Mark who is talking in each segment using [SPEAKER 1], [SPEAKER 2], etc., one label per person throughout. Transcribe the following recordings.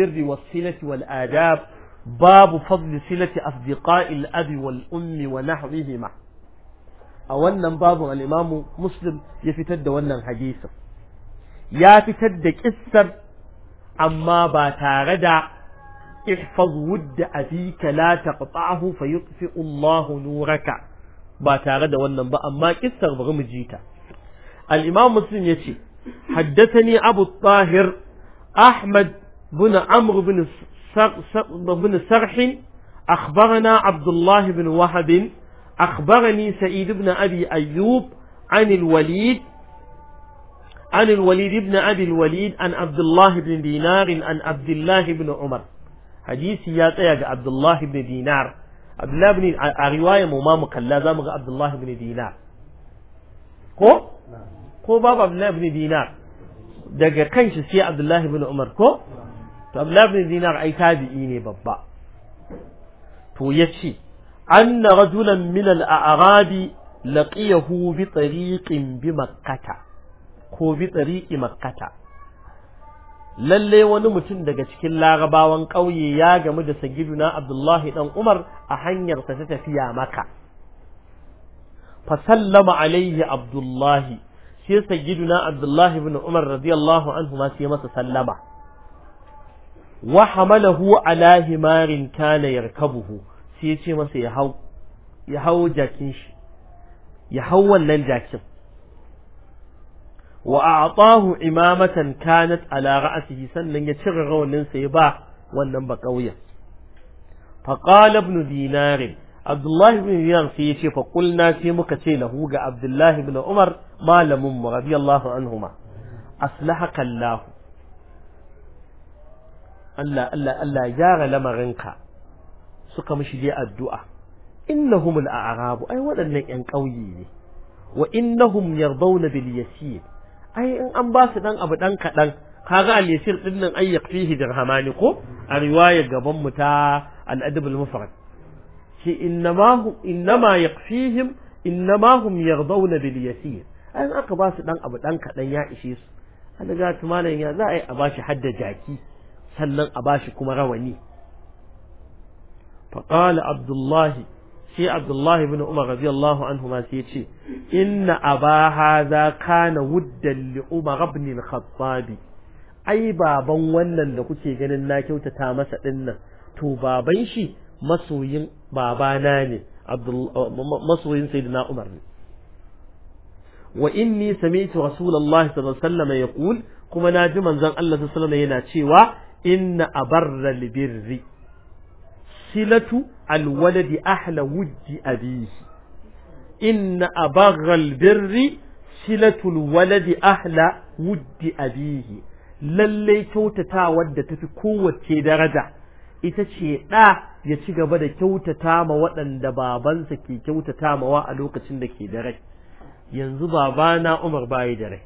[SPEAKER 1] السر والصلة والآداب باب فضل صلة أصدقاء الأب والأم ونحوهما أولا باب الإمام مسلم يفتد ونا الحديث يا فتد كسر أما باتاغدا احفظ ود أبيك لا تقطعه فيطفئ الله نورك باتاغدا ونا با أما كسر بغمجيتا الإمام مسلم يتي حدثني أبو الطاهر أحمد بن عمرو بن بن سرح أخبرنا عبد الله بن وهب أخبرني سعيد بن أبي أيوب عن الوليد عن الوليد بن أبي الوليد عن عبد الله بن دينار عن عبد الله بن عمر حديث ياتي عبد الله بن دينار عبد الله بن رواية مما مقلا زام عبد الله بن دينار كو نعم. كو باب عبد الله بن دينار دقا كنش سي عبد الله بن عمر كو نعم. to Abdullah ibn ai tabi'i ne babba to ce anna rajulan min al-a'rabi laqiyahu bi tariqin bi makkata ko bi tariqi makkata lalle wani mutum daga cikin larabawan ƙauye ya gamu da sagiduna Abdullahi dan Umar a hanyar ta tafiya maka fa sallama alaihi Abdullahi sai sagiduna Abdullahi ibn Umar radiyallahu anhu ma sai masa sallama wa hamalahu ala himarin kana yarkabuhu sai ya ce masa ya hau ya hau jakin shi ya hau wannan jakin wa a'tahu imamatan kanat ala ra'sihi sannan ya cire rawanin sa ya ba wannan ba kauyen fa qala ibn dinar abdullahi ibn dinar sai ya ce fa qulna sai muka ce lahu ga abdullahi ibn umar malamin mu radiyallahu anhuma aslaha kallahu. Allah Allah Allah gyara lamarinka suka mishi dai addu'a innahum al-a'rab ai waɗannan ƴan ƙauye ne wa innahum yardawna bil yasir ai in an ba su dan abu dan kadan kaga al yasir din nan ay yakfihi dirhamani ko a riwaya gaban mu ta al adab al mufrad shi innama hum innama yakfihim innama hum yardawna bil yasir ai aka ba su dan abu dan kadan ya ishe su an ga tumalan ya za a yi a bashi hadda jaki sannan a bashi kuma rawani فقال Abdullahi الله sai Abdullahi bin Umar allahu anhu ma sai ce inna aba hadha kana wuddan li Umar ibn ai baban wannan da kuke ganin na kyautata masa ɗinnan. to baban shi masoyin babana ne masoyin na Umar ne wa inni sami rasulullahi sallallahu alaihi wasallam yaqul kuma naji manzon Allah sallallahu alaihi wasallam yana cewa inna abarra libirri silatu alwaladi ahla wujji abihi inna abarra libirri silatu alwaladi ahla wujji abihi lallai kyautata wadda tafi kowace daraja ita ce ɗa ya ci gaba da kyautata ma waɗanda babansa ke kyautata mawa a lokacin da ke da rai yanzu babana Umar bayi da rai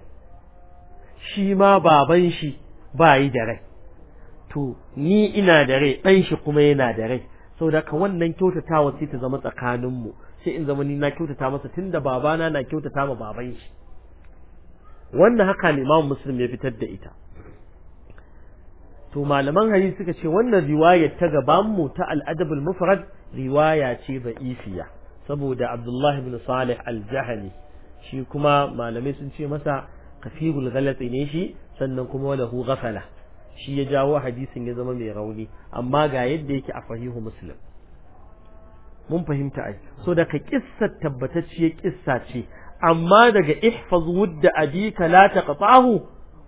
[SPEAKER 1] shi ma baban shi bayi da rai to ni ina da rai ɗan shi kuma yana da rai saboda ka wannan kyautatawa sai ta zama tsakanin mu sai in zama ni na kyautata masa tunda babana na kyautata ma baban shi wannan haka ne Imam Muslim ya fitar da ita to malaman hadisi suka ce wannan riwayar ta gaban mu ta al-adab mufrad riwaya ce da'ifiya saboda Abdullah ibn Salih al jahali shi kuma malamai sun ce masa kafirul ghalati ne shi sannan kuma walahu ghafala shi ya jawo hadisin ya zama mai rauni amma ga yadda yake a fahimu muslim mun fahimta ai so daga kissar tabbatacciyar kissa ce amma daga ihfaz wudda abika la taqtahu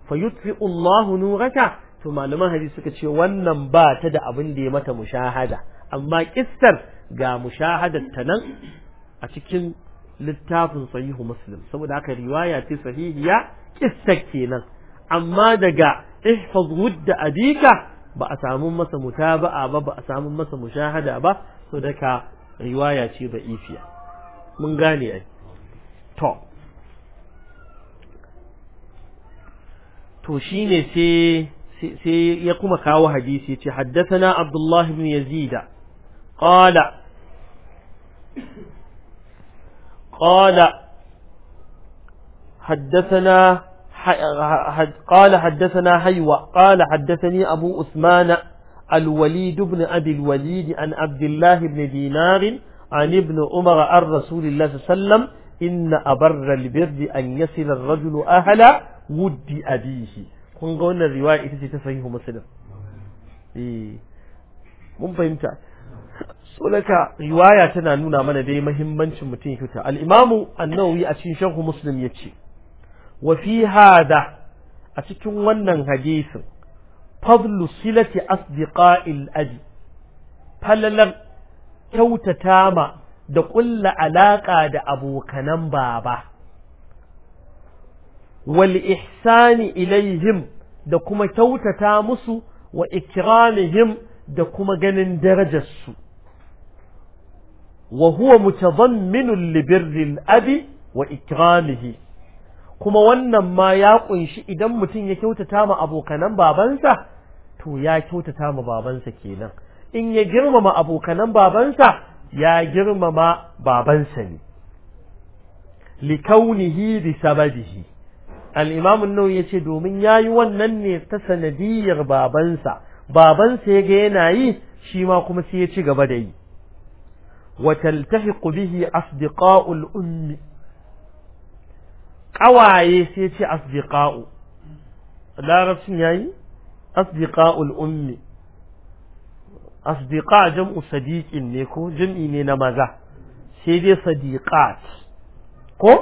[SPEAKER 1] fayutfi Allah nuraka to malaman hadisi suka ce wannan ba ta da abin da ya mata mushahada amma kissar ga mushahadar ta nan a cikin littafin sahihu muslim saboda haka riwaya ce sahihiya kissar kenan amma daga احفظ ود أديك بقى سامون مسا متابعة بقى سامون مسا مشاهدة بقى سودك رواية تيبا إيفيا من غاني أي تو تو شيني سي سي يقوم كاو حديثي حدثنا عبد الله بن يزيد قال قال حدثنا قال حدثنا هيوة قال حدثني أبو أثمان الوليد بن أبي الوليد عن عبد الله بن دينار عن ابن عمر عن رسول الله صلى الله عليه وسلم إن أبر البر أن يصل الرجل أهل ود أبيه kun ga wannan riwaya ita ce ta sahihu muslim eh mun fahimta so riwaya tana nuna mana dai muhimmancin mutum ya kyauta al-imamu an-nawawi a cikin sharh muslim yace wa fi hada a cikin wannan hadisin fadlu silati asdiqa'il abi falalan kyautata ma da ƙulla alaƙa da abokanan baba wal ihsani ilaihim da kuma kyautata musu wa ikramihim da kuma ganin darajarsu wa huwa mutadamminun libirril abi wa ikramihi kuma wannan ma ya ƙunshi idan mutum ya kyautata ma abokanan babansa to ya kyautata ma babansa kenan in ya girmama abokanan babansa ya girmama babansa ne likaunihi bi sababihi al-imam an-nawawi yace domin yayi wannan ne ta sanadiyar babansa babansa yaga yana yi shi ma kuma sai ya ci gaba da yi wa taltahiqu bihi asdiqa'ul ummi ƙawaye sai ce asdiqa'u larabcin yayi asdiqa'ul ummi asdiqa jam'u sadiqin ne ko jam'i ne na maza sai dai sadiqat ko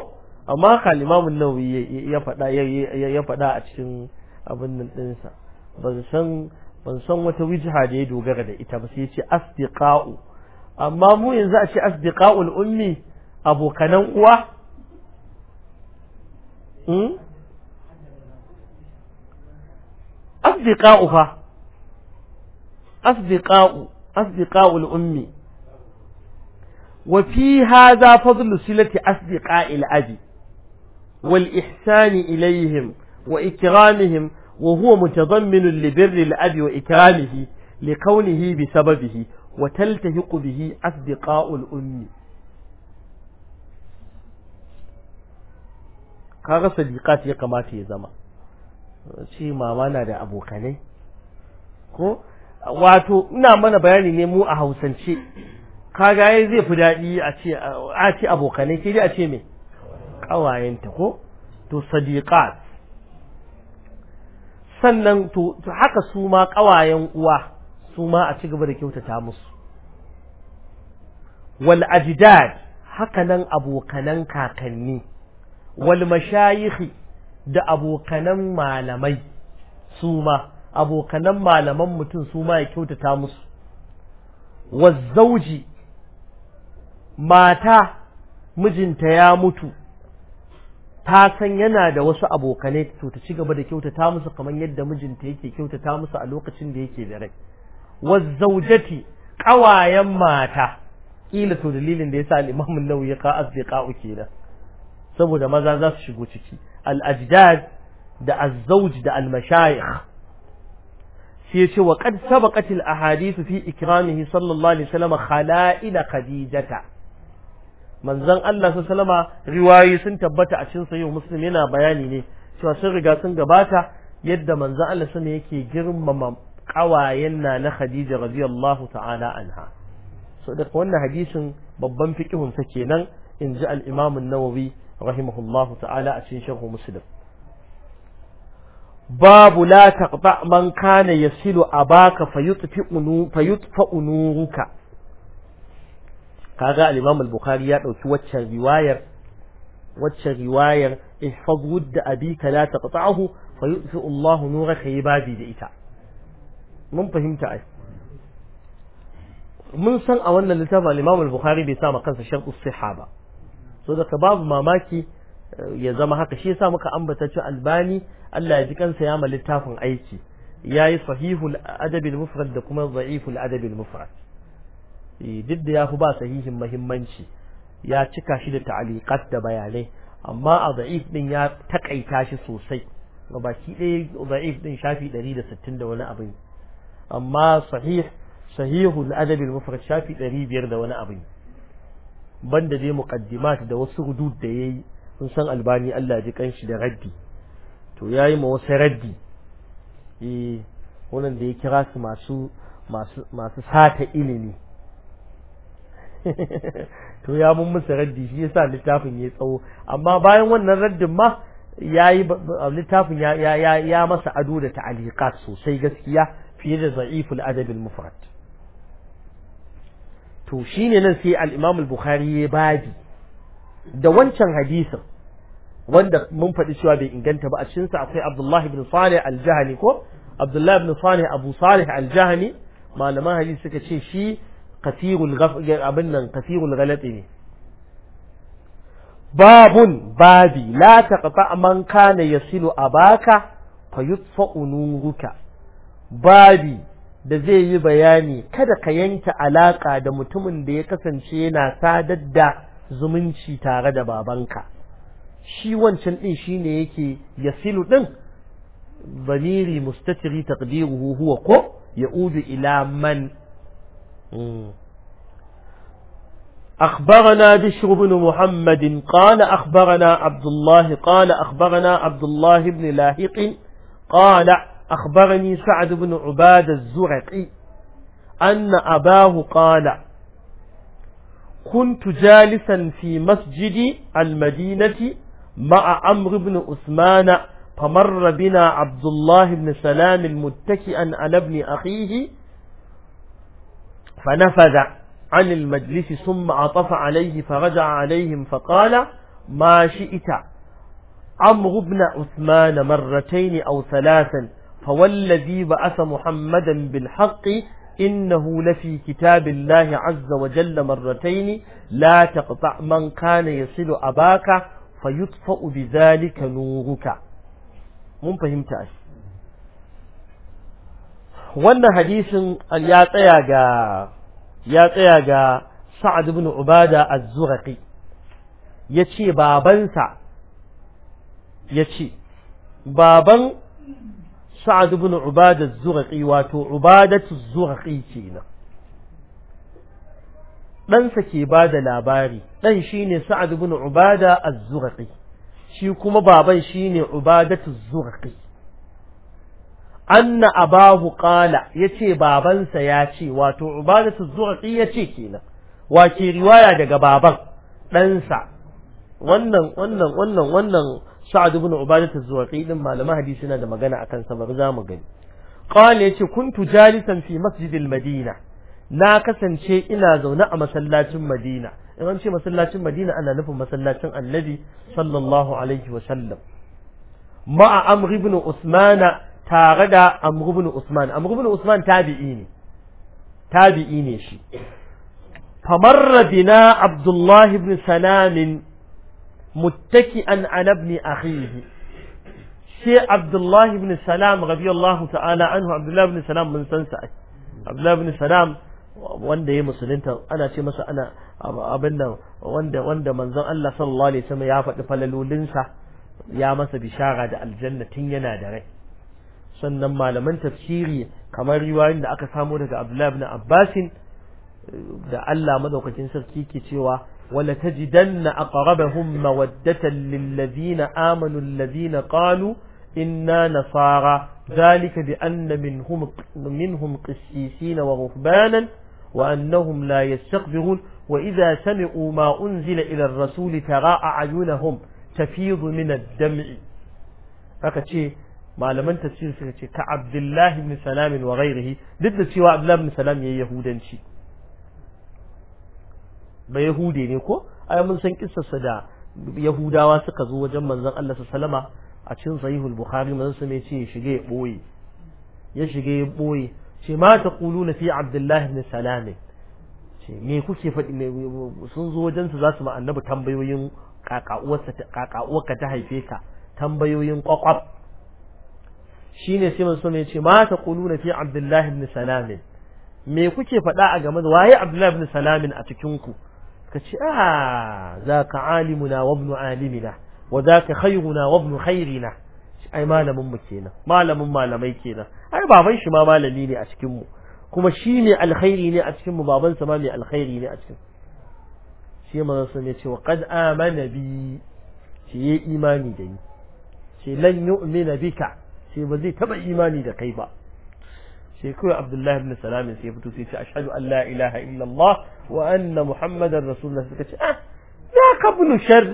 [SPEAKER 1] amma kalimamun nawawi ya faɗa ya fada a cikin abin nan ɗinsa ban san ban san wata wijha da ya dogara da ita ba sai ce asdiqa'u amma mu yanzu a ce asdiqa'ul ummi abokanan uwa أصدقاؤها أصدقاء أصدقاء الأم وفي هذا فضل صلة أصدقاء الأب والإحسان إليهم وإكرامهم وهو متضمن لبر الأب وإكرامه لكونه بسببه وتلتهق به أصدقاء الأم kaga sadiqat ya kamata ya zama ce mama na da abokanai ko wato ina mana bayani ne mu a hausance kaga yayi zai fi daɗi a ce a ce abokanai ke dai a ce me ƙawayenta ko to sadiqat sannan to haka su ma ƙawayen uwa su ma a ci gaba da kyautata musu wal ajdad haka nan abokanan kakanni wal da abokanan malamai su ma abokanan malaman mutum su ma ya kyautata musu wazzauji mata mijinta ya mutu ta san yana da wasu abokanai to ta ci gaba da kyautata musu kamar yadda mijinta yake kyautata musu a lokacin da yake da rai wazzaujati ƙawayen mata ƙila to dalilin da yasa al-Imam an-Nawawi ya ka asdiqa kenan saboda maza za su shigo ciki al-ajdad da az da al-mashayikh sai ce wa qad sabaqat al fi ikramihi sallallahu alaihi wasallam khala'ila khadijata manzon Allah sallallahu riwayi sun tabbata a cikin sahih muslim yana bayani ne cewa sun riga sun gabata yadda manzon Allah sallallahu yake girmama kawayen na na Khadija radiyallahu ta'ala anha so da wannan hadisin babban fiqihun sa kenan inji al-Imam an-Nawawi rahimahullahu ta'ala a cikin sharh muslim babu la taqta man kana yasilu abaka fayutfi unu fayutfa unuruka kaga al-imam al-bukhari ya dauki waccan riwayar waccan riwayar ihfaz wudda abika la taqta'hu fayutfi Allahu nuraka yibadi da ita mun fahimta ai mun san a wannan littafin al-imam al-bukhari bai sa ma kansa shartu sihha ba so daga babu mamaki eh, ya zama haka shi yasa muka ambata albani Allah ya ji kansa ya ma littafin aiki yi sahihul adabil mufrad da kuma dha'iful adabil mufrad eh, duk da yafi ba sahihin muhimmanci ya cika shi da ta'aliqat da bayanai amma a dha'if din ya takaita shi sosai baki ɗaya dha'if din shafi 160 da wani abu amma sahih sahihul adabil mufrad shafi 500 da wani abu banda dai muqaddimat da wasu hudud da yayi sun san albani Allah ji kanshi da raddi to yayi ma wasu raddi eh wannan da ya kira su masu masu sata ilimi to ya mun musu raddi shi yasa littafin ya tsawo amma bayan wannan raddin ma yayi littafin ya ya masa ado da ta'aliqat sosai gaskiya fiye da za'iful adab al-mufrad to ne nan sai Al'imamul bukhari ya babi da wancan hadisin wanda mun faɗi cewa bai inganta ba a cikin sa akwai Abdullahi ibn Salih al-Jahani ko Abdullahi ibn Salih Abu Salih al-Jahani malaman hadisi suka ce shi kathirul abin nan kathirul galati ne babun babi la taqta man kana yasilu abaka fayutfa unuruka babi da zai yi bayani kada ka yanke alaƙa da mutumin da ya kasance yana sadar da zumunci tare da babanka shi wancan shi shine yake yasilu din ضميري مستتر تقديره ko قو يعود إلى من أخبرنا بشر بن محمد قال أخبرنا عبد الله قال أخبرنا عبد الله بن لاهق قال أخبرني سعد بن عباد الزرقي أن أباه قال كنت جالسا في مسجد المدينة مع عمرو بن عثمان فمر بنا عبد الله بن سلام متكئا على ابن أخيه فنفذ عن المجلس ثم عطف عليه فرجع عليهم فقال ما شئت عمرو بن عثمان مرتين أو ثلاثا فوالذي بعث محمدا بالحق إنه لفي كتاب الله عز وجل مرتين لا تقطع من كان يصل أباك فيطفأ بذلك نورك mun fahimta shi wannan hadisin ya tsaya ga ya tsaya ga Sa'ad ibn Ubada az-Zurqi baban sa'ad ibn ubada az-zurqi wato ubadatu az-zurqi kenan ɗansa ke ba da labari ɗan ne sa'ad ibn ubada a zurqi shi kuma baban shine ubadatu az anna abahu qala yace babansa ya ce wato ubadatu az ya ce kenan wa ke riwaya daga baban ɗansa wannan wannan wannan wannan sa'ad ibn ubadah az-zuwaqi din malaman hadisi na da magana akan sa bari zamu gani qala yace kuntu jalisan si masjidil madina na kasance ina zaune a masallacin madina in an ce masallacin madina ana nufin masallacin annabi sallallahu alaihi wa sallam ma'a amr usmana tare da amr usman amr usman tabi'i ne shi famarra abdullahi ibn muttaki'an ala ibn akhihi sai Abdullahi ibn Salam radiyallahu ta'ala anhu Abdullahi ibn Salam mun san sa Abdullahi ibn Salam wanda ya musulunta ana ce masa ana abin nan wanda wanda manzon Allah sallallahu alaihi wasallam ya faɗi falalolinsa ya masa bishara da aljanna tun yana da rai sannan malaman tafsiri kamar riwayoyin da aka samu daga Abdullahi ibn Abbas da Allah madaukakin sarki ke cewa ولتجدن أقربهم مودة للذين آمنوا الذين قالوا إنا نصارى ذلك بأن منهم, منهم قسيسين ورهبانا وأنهم لا يستقبرون وإذا سمعوا ما أنزل إلى الرسول تراء أعينهم تفيض من الدمع فكتشي ما لم تسير كعبد الله بن سلام وغيره ضد سوى عبد الله بن سلام يهودان شيء ba yahude ne ko ai mun san kissarsa da yahudawa suka zo wajen manzon Allah sallama a cikin sahihul bukhari manzon sa mai ce shige ya boye ya shige ya boye ce ma taquluna fi abdullahi ibn salam ce me kuke faɗi sun zo wajen su za su ma annabi tambayoyin kakauwarsa kakauwarka ta haife ka tambayoyin kwakwaf shine sai manzon ya ce ma taquluna fi abdullahi ibn salam me kuke faɗa a game da waye abdullahi ibn salam a cikin ku ka ce a ah, za ka alimuna wabnu ibnu alimina wa za ka khayruna wa ibnu khayrina ai malaminmu mu kenan malamin malamai kenan ai baban shi ma malami ne a cikinmu. kuma shi ne alkhairi ne a cikinmu mu baban sa ma mai alkhairi ne a cikin shi manzo sun ya ce wa qad amana bi shi yayi imani da ni ce lan yu'mina bika sai ba zai taba imani da kai ba sai kawai abdullahi ibn salamin sai ya fito sai ya ce ashhadu an la ilaha illallah wa anna muhammadar rasulullah suka ce ah ذاك ابن شر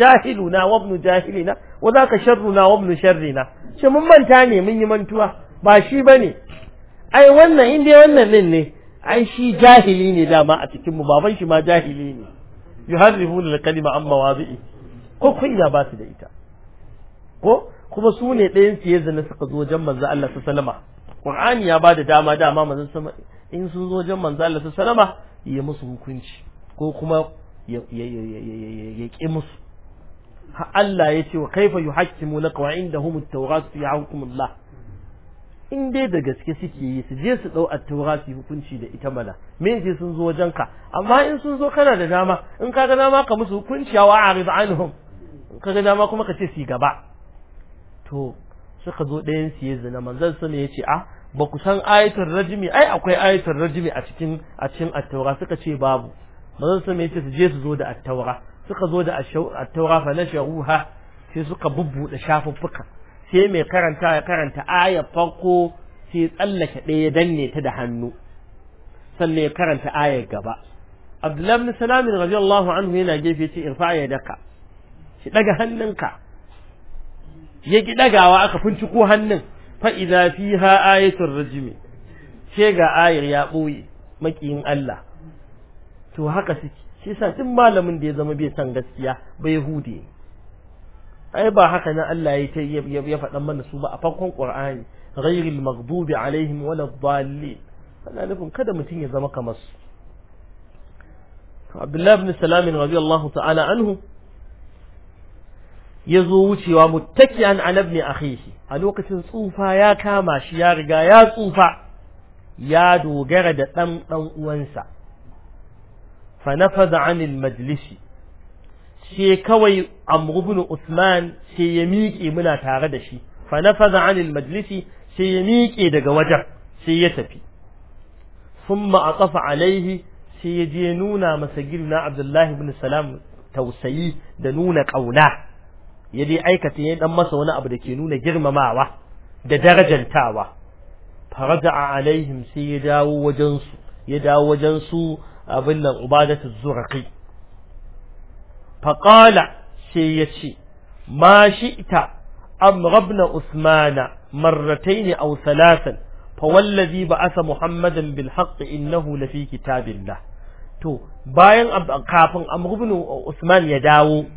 [SPEAKER 1] jahilina, wa za ka وذاك شرنا وابن sharrina. shi mun manta ne mun yi mantuwa ba shi bane ai wannan inda wannan din ne ai shi jahili ne dama a cikin mu baban shi ma jahili ne yuharrifuna al-kalima Amma, mawazi'i ko kunya ba su da ita ko kuma su ne ɗayan su ya zina suka zo wajen manzo Allah sallallahu alaihi Qur'ani ya bada dama dama manzon sama in sun zo wajen manzo Allah sallama ya musu hukunci ko kuma ya ki musu Allah ya ce wa kaifa yuhakkimu laka wa indahum at-tawrat fi hukmillah in dai da gaske suke yi su je su dau at-tawrat hukunci da ita mana me je sun zo wajenka, amma in sun zo kana da dama in ka ga dama ka musu hukunci wa a'rid anhum in ka ga dama kuma ka ce su gaba to suka zo ɗayan su ya zina manzon sama ya ce a ah, ba ku san ayatul rajimi ai akwai ayatul rajimi a cikin a cikin at-taura suka ce babu manzon sama ya ce su je su zo da at suka zo da taura fa nasharuha sai suka bubbuɗe shafuffuka sai mai karanta ya karanta aya farko sai tsallake ɗaya danne ta da hannu sannan ya karanta aya gaba Abdullahi ibn Salam radiyallahu anhu yana gefe ce irfa ya daka shi daga hannunka ya ki dagawa aka finciko hannun fa idza fiha ayatul rajmi ce ga ayar ya boye makiyin Allah to haka suke shi yasa duk malamin da ya zama bai san gaskiya ba yahudi ai ba haka nan Allah ya ya faɗa mana su ba a farkon Qur'ani ghayril maghdubi alaihim waladdallin ana nufin kada mutum ya zama kamar su Abdullah ibn Salam radiyallahu ta'ala anhu ya zo wucewa muttaki'an ala ibn akhihi a lokacin tsufa ya kama shi ya riga ya tsufa ya dogara da ɗan ɗan uwansa fa faza anil majlisi sai kawai amr usman sai ya miƙe muna tare da shi fa faza anil majlisi sai ya miƙe daga wajen sai ya tafi summa a ƙafa alaihi sai ya je nuna masa girna abdullahi ibn salam tausayi da nuna ƙauna. ya dai aikata ya dan masa wani abu da ke nuna girmamawa da darajantawa faraja alaihim sai ya dawo wajen su ya dawo wajen su abin nan ubadatu zuraqi. faqala sai ya ce ma shi'ta amrabna usmana marratayn aw thalathan fa wallazi ba'asa muhammadan bil haqq innahu lafi kitabillah to bayan kafin amrubnu usman ya dawo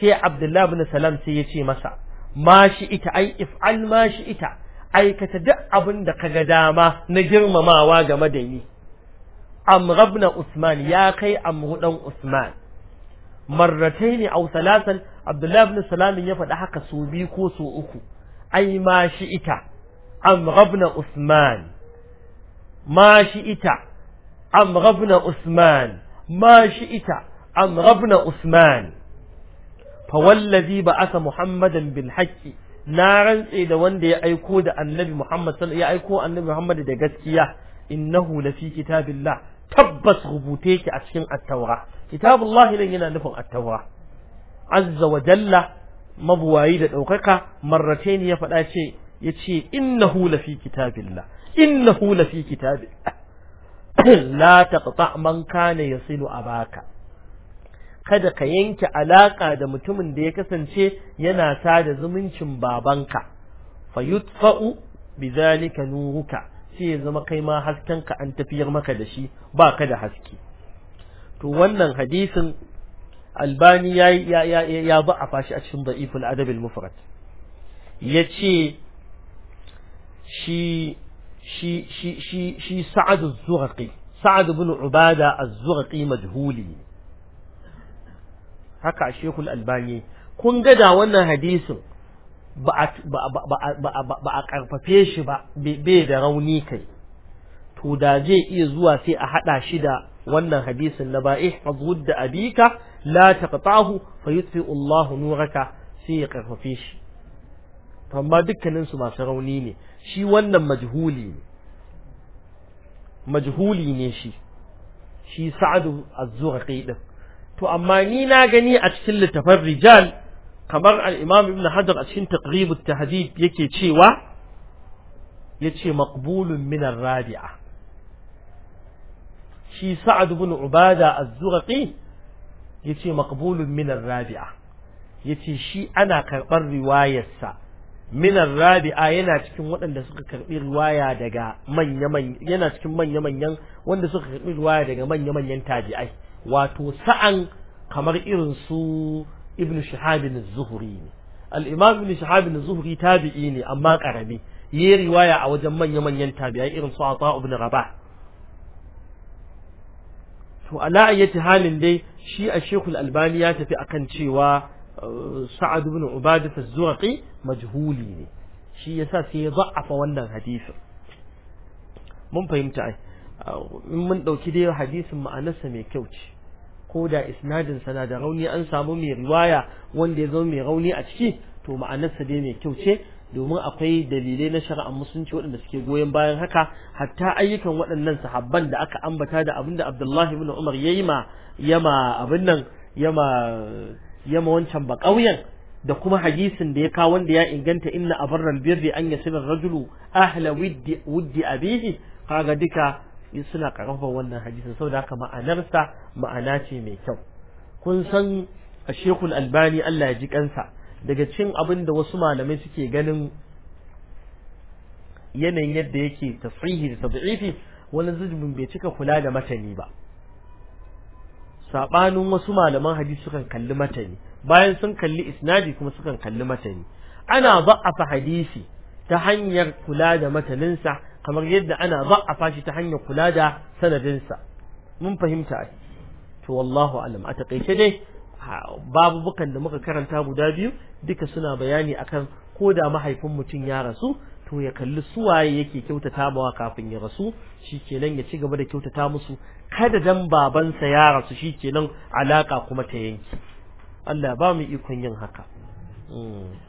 [SPEAKER 1] sai Abdullah Salam sai ya ce masa ma shi ita ai if'al ma shi ita aikata duk abin da kaga dama na girmamawa game da ni Amr Usman ya kai Amr dan Usman marrataini aw salasan Abdullah ibn Salam ya faɗi haka su biyu ko su uku ai ma shi ita Amrabna Usman ma shi ita Amrabna Usman ita Usman fawallazi ba aka muhammadan bil na rantse da wanda ya aiko da annabi muhammad ya aiko annabi muhammad da gaskiya innahu lafi kitabillah tabbas rubute ki a cikin at-taura kitabullahi dan yana nufin at-taura azza wa jalla mabuwayi da daukaka marratayn ya faɗa ce yace innahu lafi kitabillah innahu lafi kitabillah la taqta man kana yasilu abaka kada ka yanke alaƙa da mutumin da ya kasance yana sada zumuncin babanka fa yutfa'u bidhalika nuruka sai ya zama kai ma haskenka an tafiyar maka da shi ba ka da haske to wannan hadisin albani ya ya ya ya ba a fashi a cikin da'iful adab al-mufrad yace shi shi shi shi shi sa'ad az-zurqi sa'ad ibn ubada az-zurqi majhuli haka a shekul albani kun ga da wannan hadisin ba a karfafe shi ba bai da rauni kai to da zai iya zuwa sai a hada shi da wannan hadisin na bai fazud da abika la taqtahu fa yutfi Allahu nuraka sai ya karfafe shi amma dukkanin su masu rauni ne shi wannan majhuli ne majhuli ne shi shi sa'adu az-zurqi din to amma ni na gani a cikin littafin rijal kamar al-imam ibn hajar a cikin taqrib at-tahdhib yake cewa yace maqbulun min ar-rabi'a shi sa'ad ibn ubada az-zurqi yace maqbulun min ar-rabi'a yace shi ana karbar riwayarsa min ar-rabi'a yana cikin waɗanda suka karbi riwaya daga manya-manyan yana cikin manya-manyan wanda suka karbi riwaya daga manya-manyan tabi'ai wato sa'an kamar irin su ibn shahabin zuhuri ne al-imam ibn shahabin zuhuri tabi'i ne amma karami yi riwaya a wajen manya-manyan tabi'ai irin su ata ibn rabah to ala ayyati halin dai shi a shekul albani ya tafi akan cewa eh, sa'ad ibn ubadah az-zurqi majhuli ne shi yasa sai ya za'afa wannan hadisin mun fahimta ai ah, in mun dauki dai hadisin ma'anarsa mai kyau ce ko da isnadin sana da rauni an samu mai riwaya wanda ya zama mai rauni a ciki to ma'anarsa dai mai kyau ce domin akwai dalilai na shari'ar musulunci waɗanda suke goyon bayan haka hatta ayyukan waɗannan sahabban da aka ambata da abinda Abdullahi ibn Umar yayi ma yama abin nan yama yama wancan ba ƙauyen da kuma hadisin da ya kawo wanda ya inganta inna abarran birri an yasira rajulu ahla wuddi wuddi abihi kaga duka in suna karfafa wannan hadisin saboda haka ma'anarsa ma'ana ce mai kyau kun san a shekul albani Allah ya ji kansa daga cin abin da wasu malamai suke ganin yanayin yadda yake tasrihi da tad'ifi wani zujubin bai cika kula da matani ba sabanin wasu malaman hadisi sukan kalli matani bayan sun kalli isnadi kuma sukan kalli matani ana ba'afa hadisi ta hanyar kula da mataninsa kamar yadda ana za'afa fashi ta hanyar kula da sanadinsa mun fahimta ai to wallahu alam a takaice dai babubukan da muka karanta guda biyu duka suna bayani akan ko da mahaifin mutum ya rasu to ya kalli suwaye yake kyautata mawa kafin ya rasu shikenan ya ci gaba da kyautata musu kada dan babansa ya rasu shi shikenan alaka kuma ta yanki Allah ba mu ikon yin haka hmm.